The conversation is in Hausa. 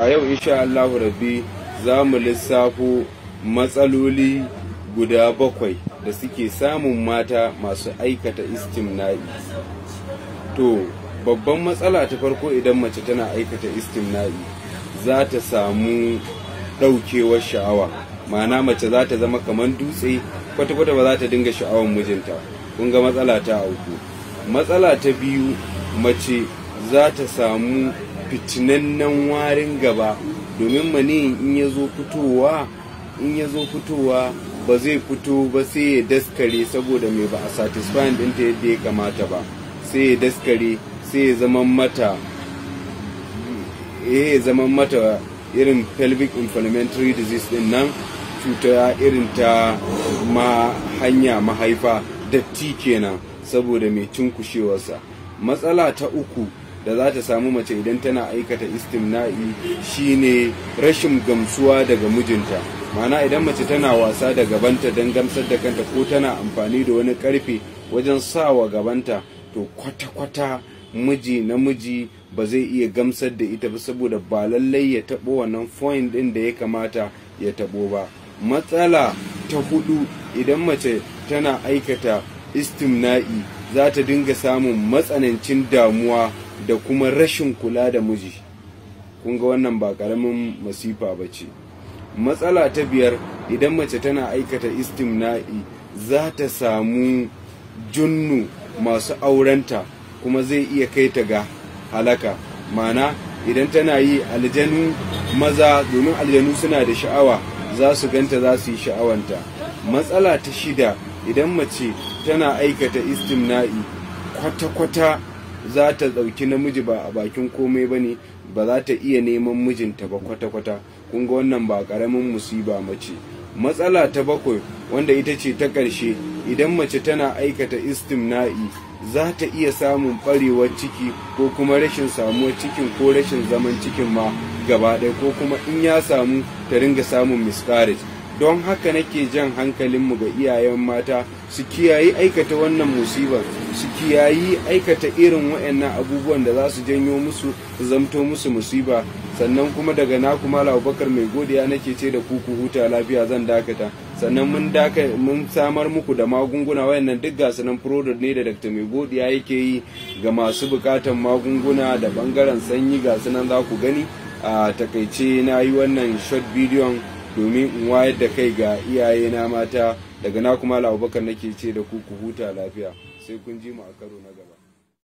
a yau insha Allahu rabbi za mu lissafo matsaloli guda bakwai da suke samun mata masu aikata istimna'i to babban matsala ta farko idan mace tana aikata istimna'i za ta samu ɗaukewar sha'awa ma'ana mace za ta zama kamar dutse kwata-kwata ba za ta dinga sha'awar mijinta kun ga matsala ta auku matsala ta biyu mace za ta samu fitinannen warin gaba domin mani in ya zo fitowa in ya zo fitowa ba zai fito ba sai ya daskare saboda mai ba a satisfying ɗinta yadda ya kamata ba sai ya daskare sai ya zama mata eh, ya zama mata irin pelvic inflammatory disease din nan cuta irin ta ma hanya mahaifa datti kenan saboda mai cinkushewarsa matsala ta uku da za ta samu mace idan tana aikata istimna'i shine rashin gamsuwa daga mijinta mana idan mace tana wasa da gabanta don gamsar da kanta ko tana amfani da wani karfe wajen sawa gabanta to kwata-kwata miji namiji ba zai iya gamsar da ita ba saboda ba lallai ya taɓo wannan foin ɗin da ya kamata ya taɓo ba matsala ta hudu idan mace tana aikata istimna'i za ta dinga samun matsanancin damuwa da kuma rashin kula da miji kun ga wannan ba karamin masifa ba ce matsala ta biyar idan mace tana aikata istimna'i za ta samu junnu masu aurenta kuma zai iya kai ta ga halaka mana idan tana yi aljanu maza domin aljanu suna da sha'awa za su ganta za su yi sha'awanta matsala ta shida idan mace tana aikata istimna'i kwata-kwata za ta ɗauki namiji ba a bakin komai ba ne ba za ta iya neman mijinta ba kwata-kwata kun wannan ba ƙaramin musiba mace matsala ta bakwai wanda ita ce ta ƙarshe idan mace tana aikata istimna'i za ta iya samun ɓarewar ciki ko kuma rashin samuwar cikin ko rashin zaman cikin ma gaba ɗaya ko kuma in ya samu ta ringa samun miscarriage don haka nake jan hankalinmu ga iyayen mata su kiyayi aikata wannan musibar su kiyayi aikata irin waɗannan abubuwan da za su janyo musu zamto musu musiba sannan kuma daga na kuma labakar mai godiya nake ce da ku huta lafiya zan dakata sannan mun daka mun samar muku da magunguna wayannan duk gasu nan product ne da Dr. mai godiya yake yi ga masu bukatan magunguna da bangaren sanyi ga nan za ku gani a takaice na yi wannan short bidiyon domin in wayar da kai ga iyayena mata daga na kuma la'abakar nake ce da ku ku huta lafiya sai kun ji mu a karo na gaba